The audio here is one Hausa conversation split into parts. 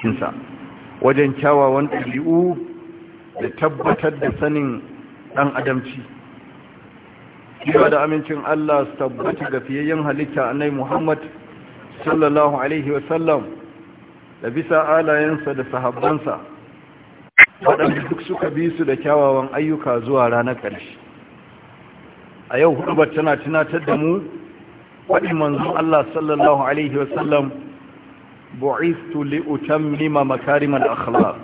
cikinsa wajen kyawawan ɗabi'u da tabbatar da sanin ɗan adamci cewa da amincin Allah su tabbata ga fiyayyen halitta annai Muhammad sallallahu Alaihi wasallam da bisa alayensa da sahabbansa waɗanda duk suka bi su da kyawawan ayyuka zuwa ranar ƙarshe a yau hudubar tana tunatar da mu waɗin manzon Allah sallallahu Alaihi wasallam bu'istu li utammima makarimal akhlaq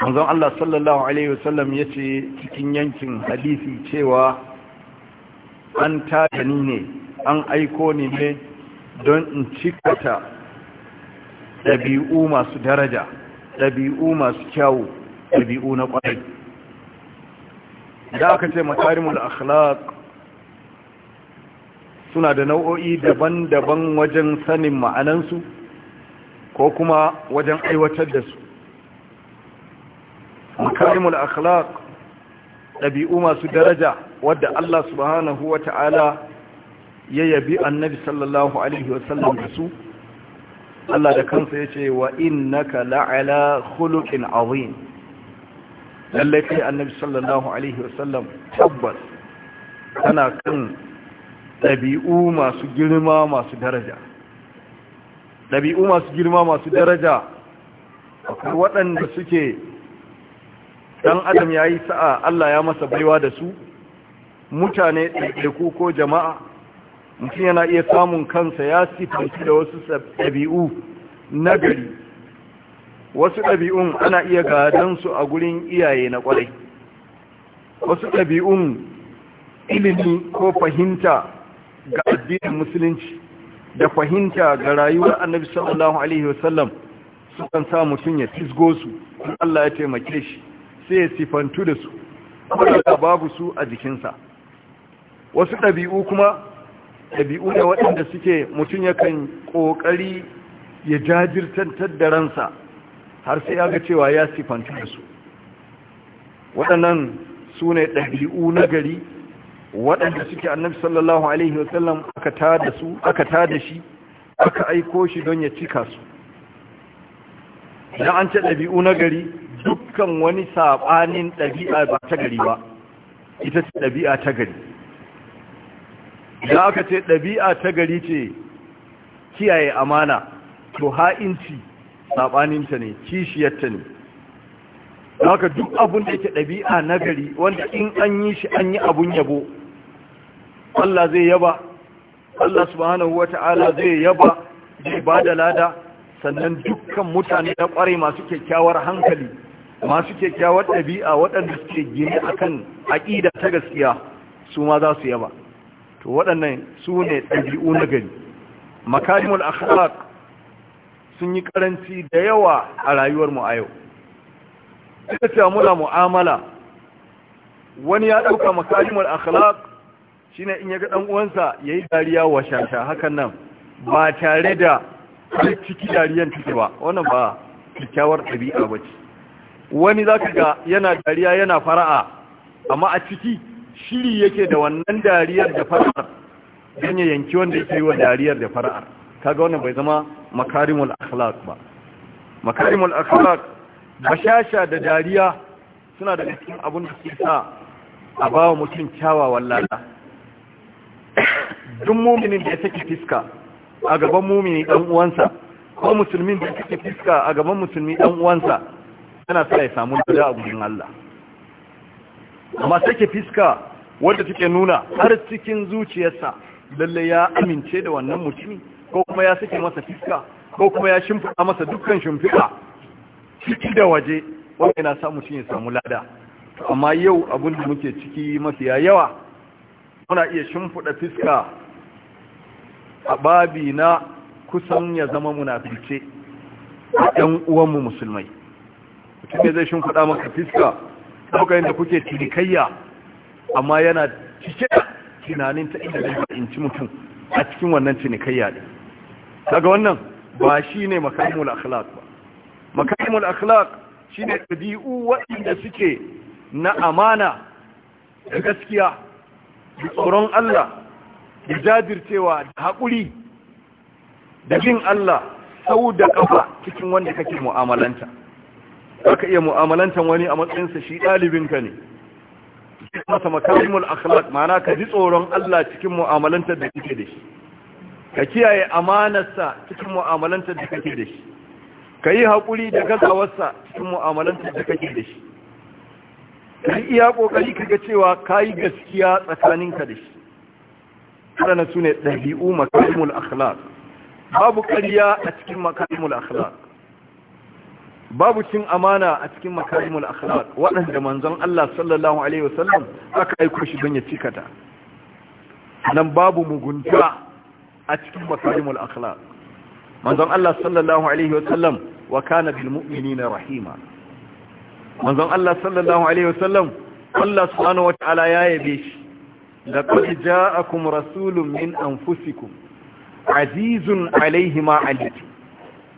manzon Allah sallallahu alaihi wasallam yace cikin yankin hadisi cewa an tada ni ne an aiko ni ne don in cikata dabi'u masu daraja dabi'u masu kyau dabi'u na kwarai da aka ce makarimul akhlaq suna da nau'o'i daban-daban wajen sanin ma'anansu ko kuma wajen aiwatar da su makarimul akhlaq ɗabi'u masu daraja wadda Allah subhanahu wa ta'ala ya yabi annabi sallallahu alaihi wasallam da su Allah da kansa ya ce wa innaka la'ala khuluqin azim lallai kai annabi sallallahu alaihi wasallam tabbas kana kan ɗabi'u masu girma masu daraja ɗabi'u masu girma masu daraja akwai waɗanda suke ɗan adam ya yi sa'a Allah ya masa baiwa da su mutane ɗaiɗaiku ko jama'a mutum yana iya samun kansa ya sifanci da wasu ɗabi'u na gari wasu ɗabi'un ana iya gadansu a gurin iyaye na ƙwarai wasu ɗabi'un ilimi ko fahimta addinin musulunci da fahimta ga rayuwar annabi sallallahu alaihi wasallam sukan sa mutum ya fisgo su Allah ya taimake shi sai ya sifantu da su wadda babu su a jikinsa wasu ɗabi'u kuma ɗabi'u ne waɗanda suke mutum yakan ƙoƙari ya jajirtantar da ransa har sai ya ga cewa ya sifantu da su waɗannan su ne ɗabi'u na gari waɗanda suke annabi sallallahu alaihi wasallam aka da su aka tada shi aka aiko shi don ya cika su idan an ce ɗabi'u na gari dukkan wani saɓanin ɗabi'a ba ta gari ba ita ce ɗabi'a ta gari idan aka ce ɗabi'a ta gari ce kiyaye amana to ha'inci saɓaninta ne kishiyarta ne haka duk abin da yake ɗabi'a na gari wanda in an yi shi an yi abun yabo Allah zai yaba Allah subhanahu wata'ala zai yaba zai ba lada sannan dukkan mutane na ƙware masu kyakkyawar hankali masu kyakkyawar ɗabi'a waɗanda suke gini akan aƙida ta gaskiya su ma za su yaba to waɗannan su ne ɗabi'u na gari makarimul akhlaq sun yi karanci da yawa a rayuwar mu a yau ita ce mu'amala wani ya ɗauka makarimul akhlaq shine in yaga ɗan'uwansa ya yi dariya wa shasha hakan nan ba tare da ciki dariyan take ba wannan ba kyakkyawar ɗabi'a ce. wani zaka ga yana dariya yana fara'a amma a ciki shiri yake da wannan dariyar da fara'ar don ya yanki wanda yake yi wa dariyar da fara'ar ga wannan bai zama makarimul akhlaq ba makarimul akhlaq shasha da dariya suna da cikin abun da suke sa a ba wa mutum kyawawan lada duk muminin da ya saki fiska a gaban mumini dan uwansa ko musulmin da ya saki fiska a gaban musulmi dan uwansa yana sa ya samu da a Allah amma sake fiska wanda take nuna har cikin zuciyarsa lalle ya amince da wannan mutumi ko kuma ya saki masa fiska ko kuma ya shimfida masa dukkan shimfiɗa ciki da waje wanda yana sa mutum ya samu lada amma yau abin da muke ciki mafiya yawa muna iya shimfiɗa fiska a babi na kusan ya zama munafirce a ɗan uwanmu musulmai mutum ya zai shimfiɗa maka fiska ɗaukarin da kuke cinikayya amma yana cike da tunanin ta inda zai fahimci mutum a cikin wannan cinikayya ne daga wannan ba shi ne makamul akhlaq ba makamul akhlaq shi ne ɗabi'u waɗanda suke na amana da gaskiya da tsoron Allah da jajircewa da haƙuri da bin Allah sau da ƙafa cikin wanda kake mu'amalanta ka iya mu'amalantan wani a matsayinsa shi ɗalibinka ne masa makarimul akhlaq ma'ana ka ji tsoron Allah cikin mu'amalantar da kake da shi ka kiyaye amanarsa cikin mu'amalantar da kake da shi ka yi haƙuri da gazawarsa cikin mu'amalantar da kake da shi ka yi iya ƙoƙari ka ga cewa ka yi gaskiya tsakaninka da shi waɗannan su ne ɗabi'u makarimul akhlaq babu ƙarya a cikin makarimul akhlaq babu cin amana a cikin makarimul akhlaq waɗanda manzon Allah sallallahu alaihi wasallam aka aiko shi don ya cikata nan babu mugunta a cikin makarimul akhlaq manzon Allah sallallahu alaihi wasallam wa kana bil mu'minina rahima manzon Allah sallallahu alaihi wasallam Allah subhanahu wataala ya yabe shi ja a ja'akum rasulun min anfusikum azizun alaihi ma alitu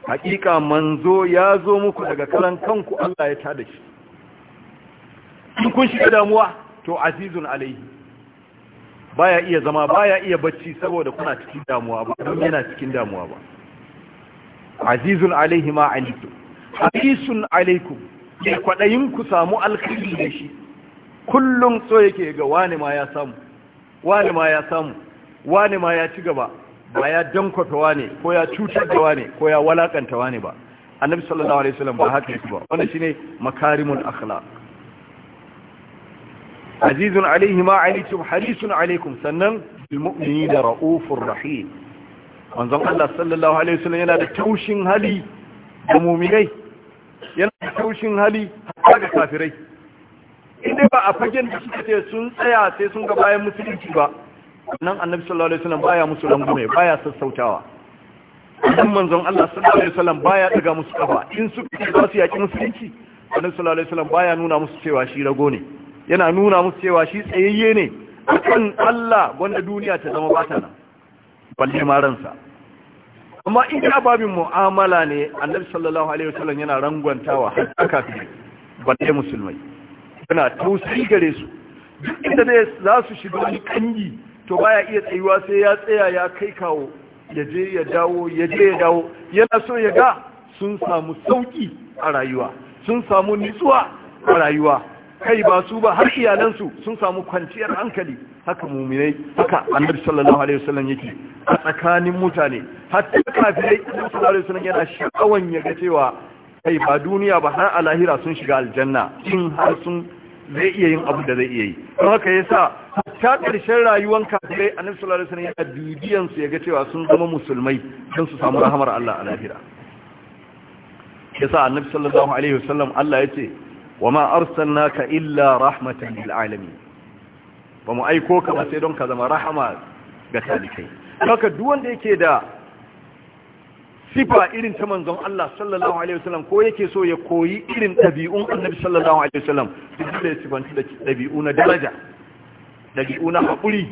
hakika manzo ya zo muku daga kalan kanku Allah ya tada shi in kun shiga damuwa to azizun alaihi baya iya zama baya iya bacci saboda kuna cikin damuwa ba don yana cikin damuwa ba azizun alaihi ma alitu harisun alaikum ya kwaɗayin ku samu alkhairi da shi kullum so yake ga wani ma ya samu wani ma ya samu wani ma ya ci gaba ba ya dankwata wani ko ya cutar da wani ko ya walakanta wani ba annabi sallallahu alaihi wasallam ba haka yake ba wannan shine makarimul akhlaq azizun alaihi ma alaikum harisun alaikum sannan bil da raufur rahim manzon Allah sallallahu alaihi wasallam yana da taushin hali ga mu'minai yana da taushin hali ga kafirai inda ba a fagen da suka ce sun tsaya sai sun ga bayan musulunci ba nan annabi sallallahu alaihi wasallam baya musu rangume baya sassautawa dan manzon Allah sallallahu alaihi wasallam baya daga musu kafa in suka ce za su yaki musulunci annabi sallallahu alaihi wasallam baya nuna musu cewa shi rago ne yana nuna musu cewa shi tsayayye ne akan Allah wanda duniya ta zama bata nan balle ma ransa amma in ka babin mu'amala ne annabi sallallahu alaihi wasallam yana rangwantawa har fi balle musulmai suna tausayi gare su duk inda ne za su shiga wani kanyi to baya iya tsayuwa sai ya tsaya ya kai kawo ya je ya dawo ya je ya dawo yana so ya ga sun samu sauki a rayuwa sun samu nitsuwa a rayuwa kai ba su ba har iyalansu sun samu kwanciyar hankali haka muminai haka annabi sallallahu alaihi wasallam yake a tsakanin mutane hatta kafirai annabi sallallahu alaihi wasallam yana sha'awan ya ga cewa kai ba duniya ba har al'ahira sun shiga aljanna in har sun zai iya yin abu da zai iya yi don haka ya sa ta ƙarshen rayuwan kafirai a nan sulari sun a dubiyansu ya ga cewa sun zama musulmai don su samu rahamar Allah a lahira ya sa annabi sallallahu alaihi wasallam Allah ya ce wa ma ka illa rahmatan lil alami? ba mu aiko ka ba sai don ka zama rahama ga talikai haka duk wanda yake da sifa irin ta manzon Allah sallallahu alaihi wasallam ko yake so ya koyi irin ɗabi'un annabi sallallahu alaihi wasallam duk da ya sifanci da ɗabi'u na daraja ɗabi'u na haƙuri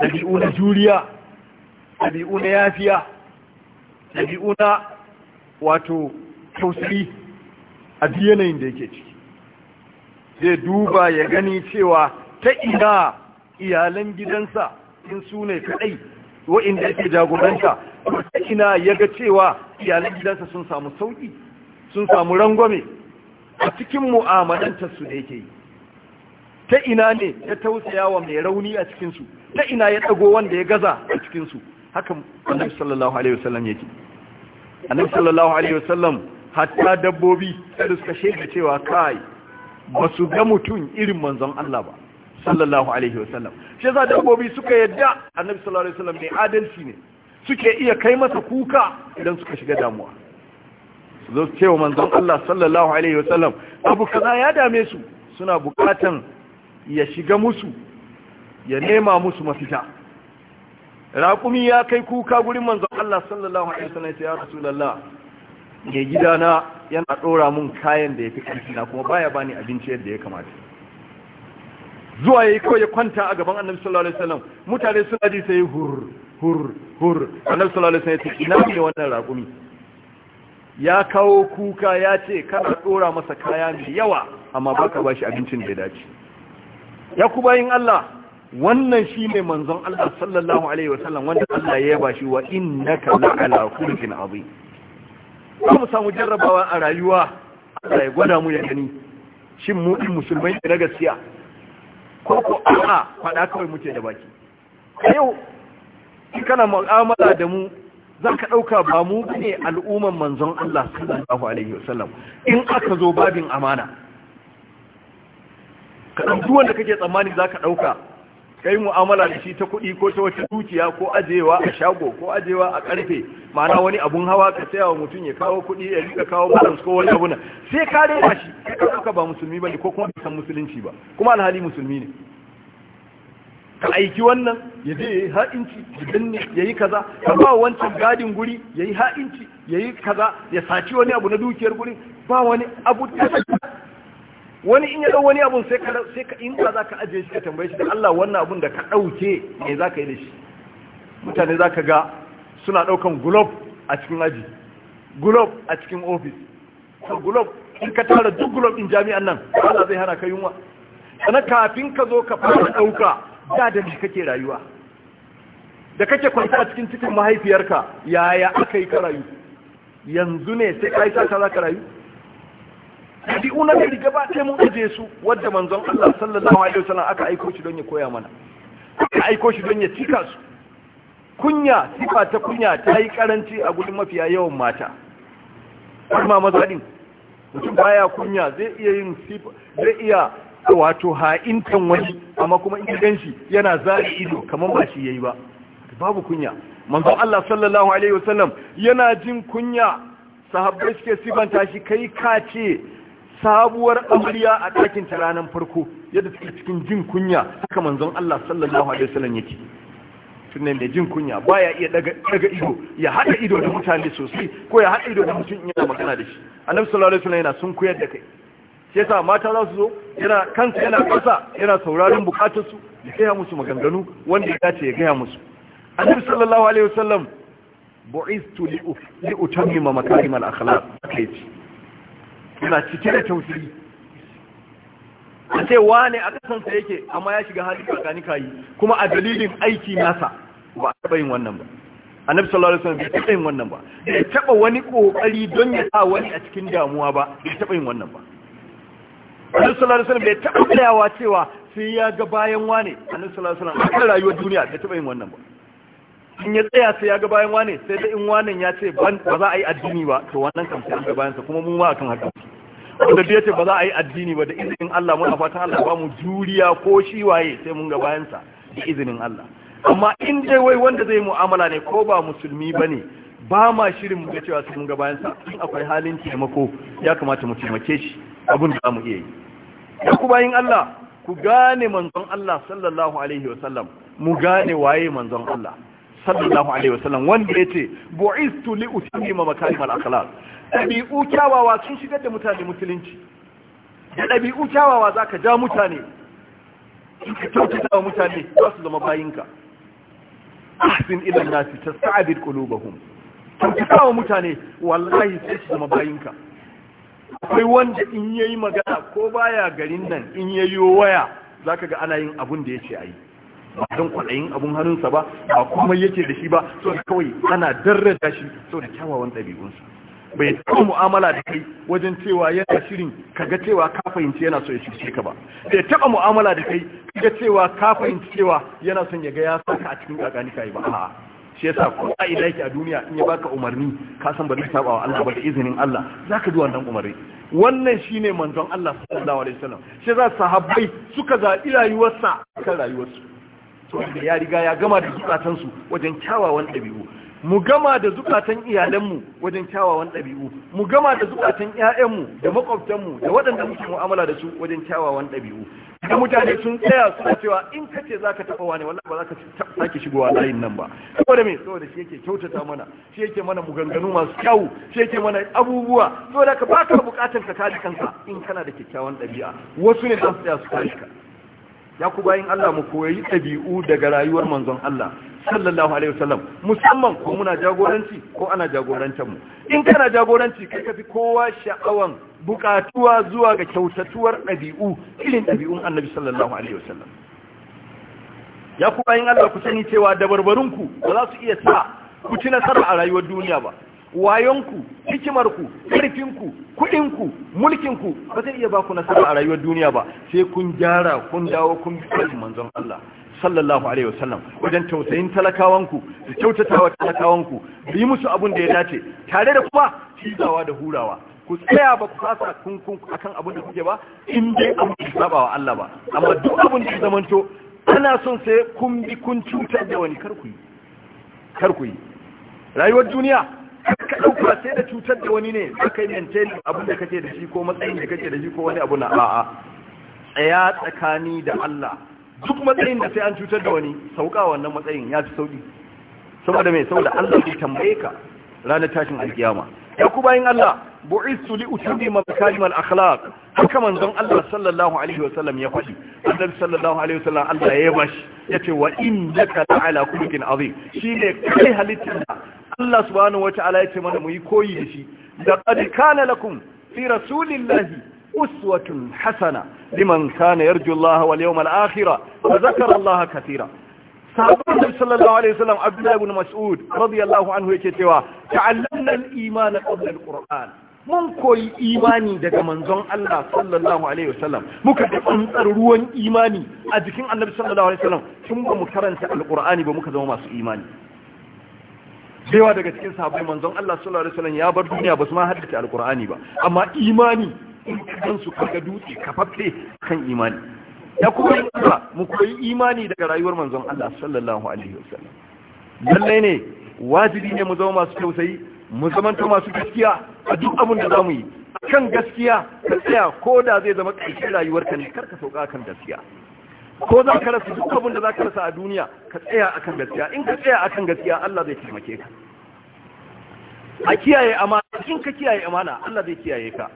ɗabi'u na juriya ɗabi'u na yafiya ɗabi'u na wato tausayi a yanayin da yake ciki zai duba ya gani cewa ta ina iyalan gidansa in su ne kaɗai wa'inda yake jagoranta ina ya ga cewa iyalan gidansa sun samu sauki sun samu rangwame a cikin mu'amalantar su da yake yi ta ina ne ya tausaya wa mai rauni a cikin su ta ina ya ɗago wanda ya gaza a cikin su haka annabi sallallahu alaihi wasallam yake annabi sallallahu alaihi wasallam hatta dabbobi da suka shaida cewa kai ba su ga mutum irin manzon Allah ba sallallahu alaihi wasallam shi yasa dabbobi suka yadda annabi sallallahu alaihi wasallam ne adalci ne suke iya kai masa kuka idan suka shiga damuwa su zo ce wa manzon Allah sallallahu alaihi wasallam abu kaza ya dame su suna bukatan ya shiga musu ya nema musu mafita raƙumi ya kai kuka gurin manzon Allah sallallahu alaihi wasallam ya rasulullah ne gidana yana dora mun kayan da yake kanti na kuma baya bani abinci yadda ya kamata zuwa yi kawai ya kwanta a gaban annabi sallallahu alaihi wasallam mutane suna ji sai hur hur hur annabi sallallahu alaihi wasallam ya ce ina ne wannan raƙumi ya kawo kuka ya ce kana dora masa kaya mai yawa amma baka bashi abincin da ya dace ya ku bayin Allah wannan shine manzon Allah sallallahu alaihi wasallam wanda Allah ya yaba shi wa innaka la'ala khuluqin azim mu samu jarrabawa a rayuwa Allah ya gwada mu ya gani shin mu musulmai ne na gaskiya ko ko a'a faɗa kawai muke da baki a yau in kana mu'amala da mu za ka ɗauka ba mu ne al'umman manzon Allah sallallahu alaihi wasallam in aka zo babin amana ka ɗauki wanda kake tsammani za ka ɗauka kai mu'amala da shi ta kuɗi ko ta wata dukiya ko ajewa a shago ko ajewa a ƙarfe, ma'ana wani abun hawa ka saya wa mutum ya kawo kuɗi ya riƙa kawo balance ko wani abu sai ka daina shi ka ba musulmi ba ne ko kuma san musulunci ba kuma alhali musulmi ne ka aiki wannan ya je ya yi ha'inci ya danne ya yi kaza ka ba wancan gadin guri ya yi ha'inci ya yi kaza ya saci wani abu na dukiyar guri ba wani abu wani in ya ɗau wani abun sai ka sai ka in ba zaka ajiye shi ka tambaye shi da Allah wannan abun da ka ɗauke me ka yi da shi mutane za ka ga suna ɗaukan gulob a cikin aji gulob a cikin ofis. ka gulob in ka tara duk gulob din jami'an nan Allah zai hana ka yunwa sannan kafin ka zo ka fara ɗauka, da da shi kake rayuwa da kake kwanta a cikin cikin mahaifiyarka yaya aka yi ka rayu yanzu ne sai ka yi sa ka rayu una da gari gaba ɗaya mun aje su wadda manzon Allah sallallahu alaihi wasallam aka aiko shi don ya koya mana aka aika shi don ya cika su kunya sifa ta kunya ta yi karanci a gudun mafiya yawan mata kuma mazaɗin mutum baya kunya zai iya yin sifa zai iya wato ha'intan wani amma kuma in gidan shi yana zai ido kamar ba shi yayi ba babu kunya manzo Allah sallallahu alaihi wasallam yana jin kunya sahabbai suke sifanta shi kai ka ce sabuwar amarya a ɗakin ta ranar farko yadda suke cikin jin kunya haka manzon Allah sallallahu alaihi wasallam yake tunne da jin kunya baya iya daga daga ido ya haɗa ido da mutane sosai ko ya haɗa ido da mutum yana magana da shi annabi sallallahu alaihi wasallam yana sun koyar da kai sai yasa mata za su zo yana kansa yana kasa yana sauraron bukatarsu ya gaya musu maganganu wanda ya dace ya gaya musu annabi sallallahu alaihi wasallam bu'istu li utammima makarimal akhlaq kai suna cike da tausayi a ce wane a kasansa yake amma ya shiga hali tsakani kayi kuma a dalilin aiki nasa ba a taɓa yin wannan ba A sallallahu alaihi wasallam bai taɓa yin wannan ba bai taɓa wani kokari don ya sa wani a cikin damuwa ba bai taɓa yin wannan ba annabi sallallahu alaihi wasallam bai taɓa tsayawa cewa sai ya ga bayan wane annabi sallallahu alaihi wasallam a rayuwar duniya bai taɓa yin wannan ba in ya tsaya sai ya ga bayan wane sai da in wannan ya ce ba za a yi addini ba to wannan kam an ga bayansa kuma mu a akan haka wanda da yace ba za a yi addini ba da izinin Allah muna fatan Allah ba mu juriya ko shi waye sai mun ga bayan da izinin Allah amma in dai wai wanda zai mu'amala ne ko ba musulmi bane ba ma shirin mu ga cewa sai mun ga bayan in akwai halin taimako ya kamata mu taimake shi abin da mu iya yi ya ku bayin Allah ku gane manzon Allah sallallahu alaihi wasallam mu gane waye manzon Allah sallallahu alaihi wasallam wanda yace bu'istu li utammima makarim al-akhlaq dabi'u kyawawa sun shigar da mutane musulunci da dabi'u kyawawa zaka ja mutane in ka tauta wa mutane za su zama bayinka ahsin ila an-nas tasta'bid qulubahum tauta wa mutane wallahi sai su zama bayinka akwai wanda in yayi magana ko baya garin nan in yayi waya zaka ga ana yin abun da yace ayi ba don kwaɗayin abun hannunsa ba ba kuma yake da shi ba so da kawai ana darrada shi so da kyawawan ɗabi'unsa bai taɓa mu'amala da kai wajen cewa yana shirin kaga cewa ka fahimci yana so ya cuce ka ba bai taɓa mu'amala da kai kaga cewa ka fahimci cewa yana son ya ga ya saka a cikin kakani yi ba a'a shi yasa ko a ina yake a duniya in ya baka umarni ka san ba zai saba wa Allah ba da izinin Allah za ka ji wannan umarni wannan shine manzon Allah sallallahu alaihi wasallam shi za sahabbai suka zabi rayuwarsa kan rayuwarsu saboda ya riga ya gama da zukatansu wajen kyawawan ɗabi'u mu gama da zukatan iyalanmu wajen kyawawan ɗabi'u mu gama da zukatan ƴaƴanmu da makwabtanmu da waɗanda muke mu'amala da su wajen kyawawan ɗabi'u da mutane sun tsaya suna cewa in ka ce za ka taɓa wani wallahi ba za ka sake shigowa layin nan ba saboda me saboda shi yake kyautata mana shi yake mana muganganu masu kyau shi yake mana abubuwa saboda ka baka bukatar ka kare kanka in kana da kyakkyawan ɗabi'a wasu ne za su tsaya su ka ya ku bayin Allah mu koyi ɗabi'u daga rayuwar manzon Allah sallallahu alaihi wasallam musamman ko muna jagoranci ko ana jagorantar mu in kana jagoranci kai ka fi kowa sha'awan bukatuwa zuwa ga kyautatuwar ɗabi'u irin ɗabi'un annabi sallallahu alaihi wasallam ya ku bayin Allah ku sani cewa dabarbarunku ba za su iya sa ku ci nasara a rayuwar duniya ba wayonku hikimarku ƙarfinku kuɗinku mulkinku ba zai iya baku nasara a rayuwar duniya ba sai kun gyara kun dawo kun bi manzon Allah sallallahu alaihi wasallam wajen tausayin talakawanku da kyautatawa talakawanku da yi musu abin da ya dace tare da kuma cizawa da hurawa ku tsaya ba ku fasa kun kun akan abin da kuke ba in dai an saba wa Allah ba amma duk abin da ya zamanto ana son sai kun bi kun cutar da wani kar ku kar ku yi rayuwar duniya ɗauka sai da cutar da wani ne ba ka yi maintain abinda da kake da shi ko matsayin da kake da shi ko wani abu na a'a tsaya tsakani da Allah duk matsayin da sai an cutar da wani sauka wannan matsayin ya fi sauki saboda mai saboda Allah zai tambaye ka ranar tashin alkiyama ya ku bayin Allah bu'istu li utumi makarim al-akhlaq haka manzon Allah sallallahu alaihi wa sallam ya faɗi annabi sallallahu alaihi wa sallam Allah ya bashi yace wa innaka ala kulli azim shine kai halittar Allah subhanahu wata'ala ya ce mana mu yi koyi da shi da laqad kana lakum fi rasulillahi uswatun hasana liman kana yarju Allah wal yawmal akhir wa zakara Allah katira sahabban sallallahu alaihi wasallam Abdullah ibn Mas'ud radiyallahu anhu yake cewa ta'allamna al-iman qabla al-Qur'an mun koyi imani daga manzon Allah sallallahu alaihi wasallam muka da tsantsar ruwan imani a jikin Annabi sallallahu alaihi wasallam tun ba mu karanta al-Qur'ani ba muka zama masu imani cewa daga cikin sabon manzon Allah sallallahu alaihi wasallam ya bar duniya ba su ma haddace alqur'ani ba amma imani kan su kaga dutse kafaffe kan imani ya kuma yi mu koyi imani daga rayuwar manzon Allah sallallahu alaihi wasallam lalle ne wajibi ne mu zama masu tausayi mu zamanta masu gaskiya a duk abin da zamu yi kan gaskiya ka tsaya ko da zai zama ƙarshen rayuwarka ne karka sauka kan gaskiya ko za ka rasa duk abin da za ka rasa a duniya ka tsaya akan gaskiya in ka tsaya akan gaskiya Allah zai taimake ka a kiyaye amana in ka kiyaye amana Allah zai kiyaye ka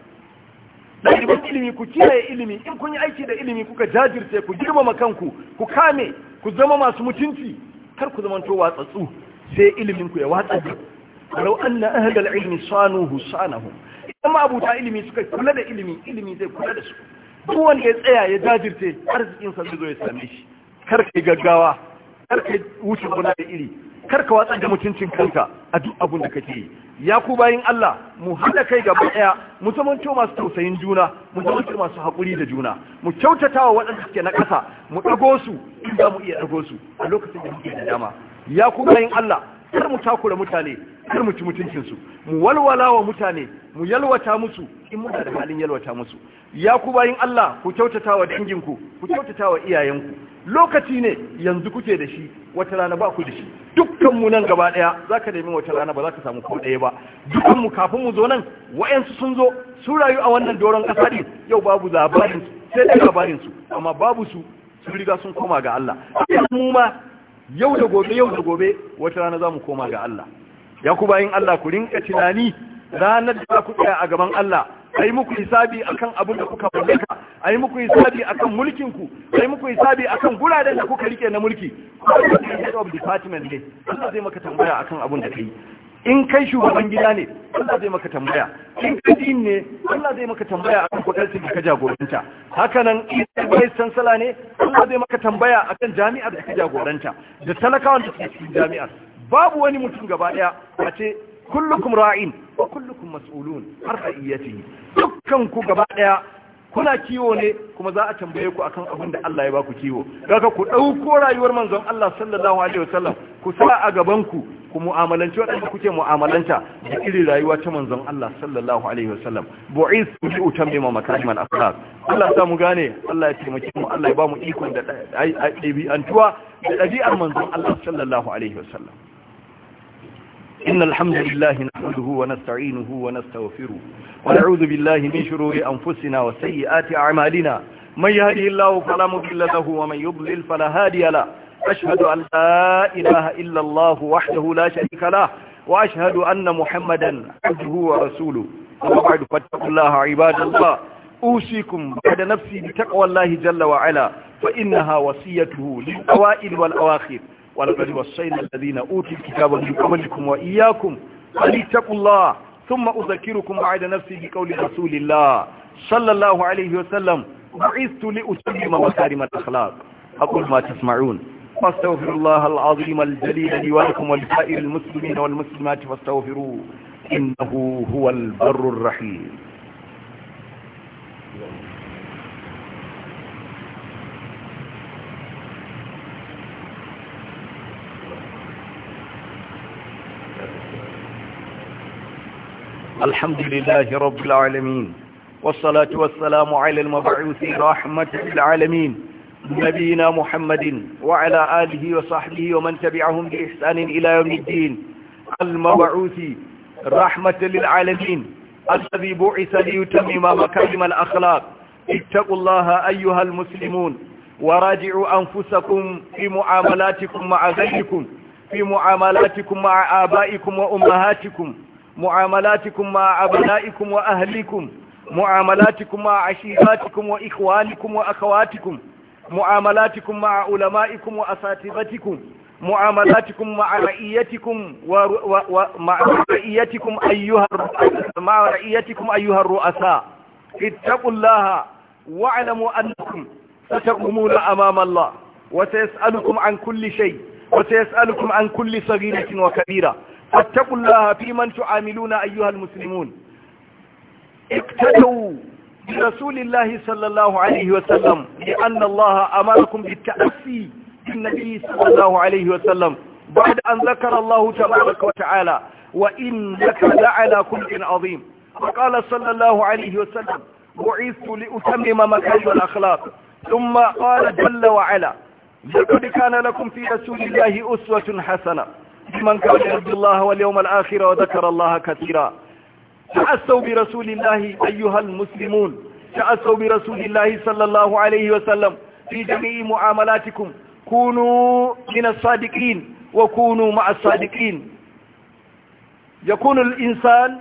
ɗaliban ilimi ku kiyaye ilimi in kun yi aiki da ilimi kuka jajirce ku girmama kanku ku kame ku zama masu mutunci kar ku zamanto watsatsu sai ilimin ku ya watsa ku walau anna ahlal ilmi sanuhu sanahu idan ma abuta ilimi suka kula da ilimi ilimi zai kula da su duk ya tsaya ya jajirce arzikin sa zai zo ya same shi kar kai gaggawa kar kai wuce gona da iri kar ka watsa da mutuncin kanka a duk abin da kake yi ya ku bayin Allah mu hada kai gaba ɗaya mu zama zamanto masu tausayin juna mu zama zamanto masu hakuri da juna mu kyautata wa waɗanda suke na ƙasa mu ɗago su in mu iya dago su a lokacin da muke da dama ya ku bayin Allah kar mu takura mutane kar mu ci mutuncinsu mu walwala wa mutane mu yalwata musu in muna da halin yalwata musu ya ku bayin Allah ku kyautata wa danginku ku kyautata wa iyayenku lokaci ne yanzu kuke da shi wata rana ba ku da shi dukkan mu nan gaba daya zaka nemi wata rana ba ka samu ko daya ba dukkan mu kafin mu zo nan wayansu sun zo su rayu a wannan doron kasa din yau babu labarin sai da labarin su amma babu su su riga sun koma ga Allah mu ma yau da gobe yau da gobe wata rana za mu koma ga Allah ya ku bayin Allah ku rinka tunani ranar da ku tsaya a gaban Allah ai muku hisabi akan abin da kuka mallaka ai muku hisabi akan mulkin ku ai muku hisabi akan guraren da kuka rike na mulki ko da department ne Allah zai maka tambaya akan abin da kai in kai shugaban gida ne Allah zai maka tambaya in kai din ne Allah zai maka tambaya akan kwalcin da ka jagoranta haka nan in kai sansala ne Allah zai maka tambaya akan jami'ar da ka jagoranta da talakawan da cikin jami'ar babu wani mutum gaba daya a ce kullukum ra'in wa kullukum mas'ulun har ra'iyatihi dukkan ku gaba daya kuna kiwo ne kuma za a tambaye ku akan abin da Allah ya baku kiwo kaga ku ɗauko rayuwar manzon Allah sallallahu alaihi wasallam ku sa a gaban ku ku mu'amalanci waɗanda kuke mu'amalanta da irin rayuwa ta manzon Allah sallallahu alaihi wasallam bu'is bi utammima makarimal akhlaq Allah ya mu gane Allah ya taimake mu Allah ya ba mu ikon da ɗabi'antuwa da ɗabi'ar manzon Allah sallallahu alaihi wasallam إن الحمد لله نحمده ونستعينه ونستغفره ونعوذ بالله من شرور أنفسنا وسيئات أعمالنا من يهده الله فلا مضل له ومن يضلل فلا هادي له أشهد أن لا إله إلا الله وحده لا شريك له وأشهد أن محمدا عبده ورسوله وبعد فاتقوا الله عباد الله أوصيكم بعد نفسي بتقوى الله جل وعلا فإنها وصيته للأوائل والأواخر ولقد وصينا الذين أوتوا الكتاب من قبلكم وإياكم فليتقوا الله ثم أذكركم بعد نفسي بقول رسول الله صلى الله عليه وسلم بعثت لأتمم مكارم الأخلاق أقول ما تسمعون واستغفر الله العظيم الجليل لي ولكم ولسائر المسلمين والمسلمات فاستغفروه إنه هو البر الرحيم الحمد لله رب العالمين والصلاة والسلام على المبعوث رحمة للعالمين نبينا محمد وعلى آله وصحبه ومن تبعهم بإحسان إلى يوم الدين المبعوث رحمة للعالمين الذي بعث ليتمم مكارم الأخلاق اتقوا الله أيها المسلمون وراجعوا أنفسكم في معاملاتكم مع غيركم في معاملاتكم مع آبائكم وأمهاتكم معاملاتكم مع أبنائكم وأهلكم معاملاتكم مع عشيراتكم وإخوانكم وأخواتكم mu'amalatikum ma'a ulama'ikum wa asatibatikum mu'amalatikum ma'a ra'iyatikum ayyuhar ma'a ra'iyatikum ayyuhar ru'asa ittaqullaha wa'lamu annakum satakumuna amama Allah wa sayas'alukum an kulli shay wa an kulli saghiratin wa kabira ittaqullaha fi man tu'amiluna ayyuhal muslimun iktadu برسول الله صلى الله عليه وسلم لأن الله أمركم بالتأسي بالنبي صلى الله عليه وسلم بعد أن ذكر الله تبارك وتعالى وإنك لعلى كل عظيم فقال صلى الله عليه وسلم بعثت لأتمم مكان الأخلاق ثم قال جل وعلا لقد كان لكم في رسول الله أسوة حسنة لمن كان يرجو الله واليوم الآخر وذكر الله كثيرا تأسوا برسول الله أيها المسلمون تأسوا برسول الله صلى الله عليه وسلم في جميع معاملاتكم كونوا من الصادقين وكونوا مع الصادقين يكون الإنسان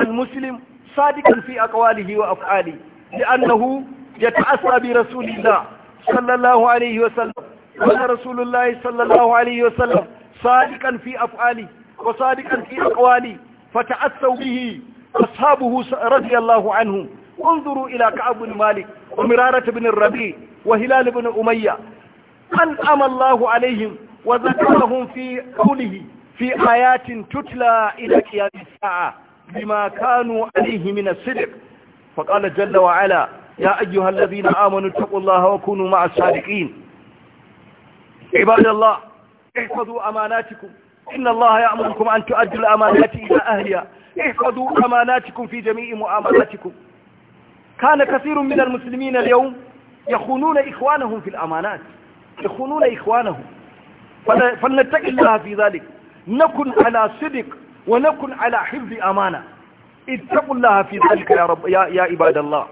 المسلم صادقا في أقواله وأفعاله لأنه يتأسى برسول الله صلى الله عليه وسلم قال رسول الله صلى الله عليه وسلم صادقا في أفعاله وصادقا في أقواله فتأسوا به أصحابه رضي الله عنهم انظروا إلى كعب بن مالك ومرارة بن الربيع وهلال بن أمية أنعم الله عليهم وذكرهم في قوله في آيات تتلى إلى قيام الساعة بما كانوا عليه من الصدق فقال جل وعلا يا أيها الذين آمنوا اتقوا الله وكونوا مع الصادقين عباد الله احفظوا أماناتكم إن الله يأمركم أن تؤدوا الأمانات إلى أهلها احفظوا أماناتكم في جميع معاملاتكم كان كثير من المسلمين اليوم يخونون إخوانهم في الأمانات يخونون إخوانهم فلنتق الله في ذلك نكن على صدق ونكن على حفظ أمانة اتقوا الله في ذلك يا, رب يا, يا عباد الله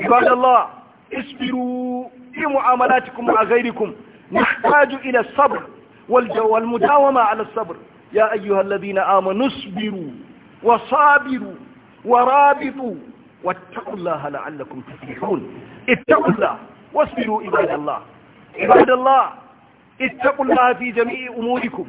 عباد الله اصبروا في معاملاتكم مع غيركم نحتاج إلى الصبر والمداومة على الصبر يا أيها الذين آمنوا اصبروا وصابروا ورابطوا واتقوا الله لعلكم تفلحون اتقوا الله واصبروا عباد الله عباد الله اتقوا الله في جميع أموركم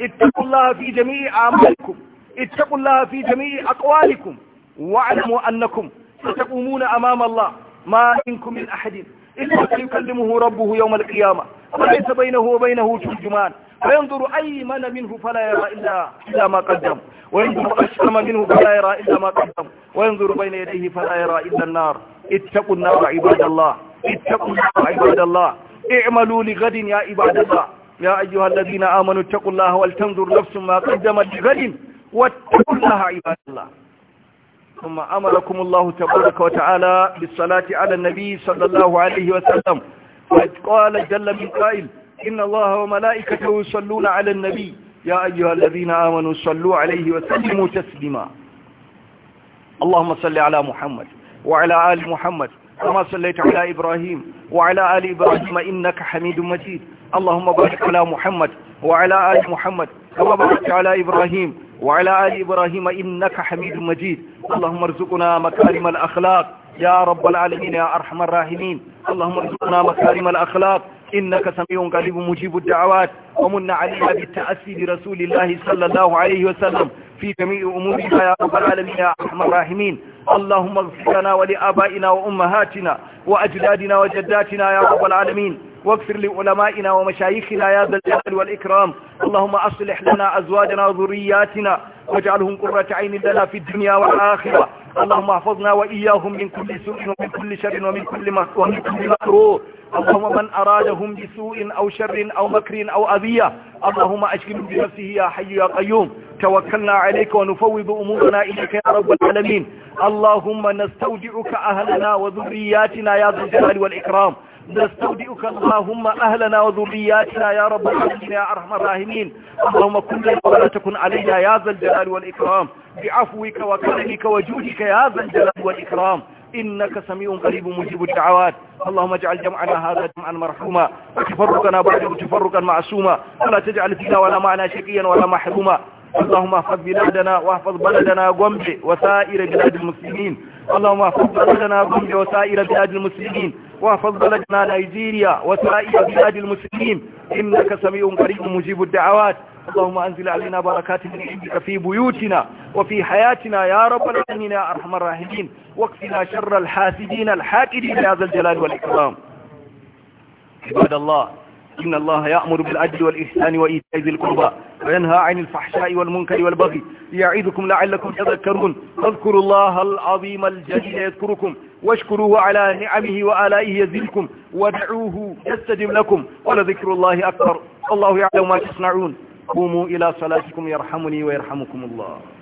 اتقوا الله في جميع أعمالكم اتقوا الله في جميع أقوالكم واعلموا أنكم ستقومون أمام الله ما منكم من أحد إلا سيكلمه ربه يوم القيامة وليس بينه وبينه ترجمان فينظر أيمن منه فلا يرى إلا, إلا ما قدم وينظر أشأم منه فلا يرى إلا ما قدم وينظر بين يديه فلا يرى إلا النار اتقوا النار عباد الله اتقوا النار عباد الله اعملوا لغد يا عباد الله يا أيها الذين آمنوا اتقوا الله ولتنظر نفس ما قدمت لغد واتقوا الله عباد الله ثم أمركم الله تبارك وتعالى بالصلاة على النبي صلى الله عليه وسلم قد قال جل من قائل إن الله وملائكته يصلون على النبي يا أيها الذين آمنوا صلوا عليه وسلموا تسليما اللهم صل على محمد وعلى آل محمد كما صليت على إبراهيم وعلى آل إبراهيم إنك حميد مجيد اللهم بارك على محمد وعلى آل محمد كما باركت على إبراهيم وعلى آل إبراهيم إنك حميد مجيد اللهم ارزقنا مكارم الأخلاق يا رب العالمين يا أرحم الراحمين اللهم ارزقنا مكارم الأخلاق إنك سميع قريب مجيب الدعوات ومن عليها بالتأسي لرسول الله صلى الله عليه وسلم في جميع أمورها يا رب العالمين يا أرحم الراحمين اللهم اغفر لنا ولآبائنا وأمهاتنا وأجدادنا وجداتنا يا رب العالمين واغفر لعلمائنا ومشايخنا يا ذا الجلال والإكرام اللهم أصلح لنا أزواجنا وذرياتنا واجعلهم قرة عين لنا في الدنيا والآخرة اللهم احفظنا وإياهم من كل سوء ومن كل شر ومن كل مكروه اللهم من أرادهم بسوء أو شر أو مكر أو أذية اللهم أشكم بنفسه يا حي يا قيوم توكلنا عليك ونفوض أمورنا إليك يا رب العالمين اللهم نستودعك أهلنا وذرياتنا يا ذو الجلال والإكرام نستودعك اللهم أهلنا وذرياتنا يا رب العالمين يا أرحم الراحمين اللهم كن لنا ولا تكن علينا يا ذا الجلال والإكرام بعفوك وكرمك وجودك يا ذا الجلال والإكرام إنك سميع قريب مجيب الدعوات اللهم اجعل جمعنا هذا جمعا مرحوما وتفرقنا بعده تفرقا معصوما ولا تجعل فينا ولا معنا شقيا ولا محروما اللهم احفظ بلادنا واحفظ بلدنا غومبي وسائر بلاد المسلمين اللهم احفظ بلدنا غومبي وسائر بلاد المسلمين واحفظ بلدنا نيجيريا وسائر بلاد المسلمين انك سميع قريب مجيب الدعوات اللهم أنزل علينا بركات من عندك في بيوتنا وفي حياتنا يا رب العالمين يا أرحم الراحمين واكفنا شر الحاسدين الحاقدين يا ذا الجلال والإكرام عباد الله إن الله يأمر بالعدل والإحسان وإيتاء ذي القربى وينهى عن الفحشاء والمنكر والبغي يعظكم لعلكم تذكرون فاذكروا الله العظيم الجليل يذكركم واشكروه على نعمه وآلائه يزدكم ودعوه يستجب لكم ولذكر الله أكبر الله يعلم ما تصنعون قوموا إلى صلاتكم يرحمني ويرحمكم الله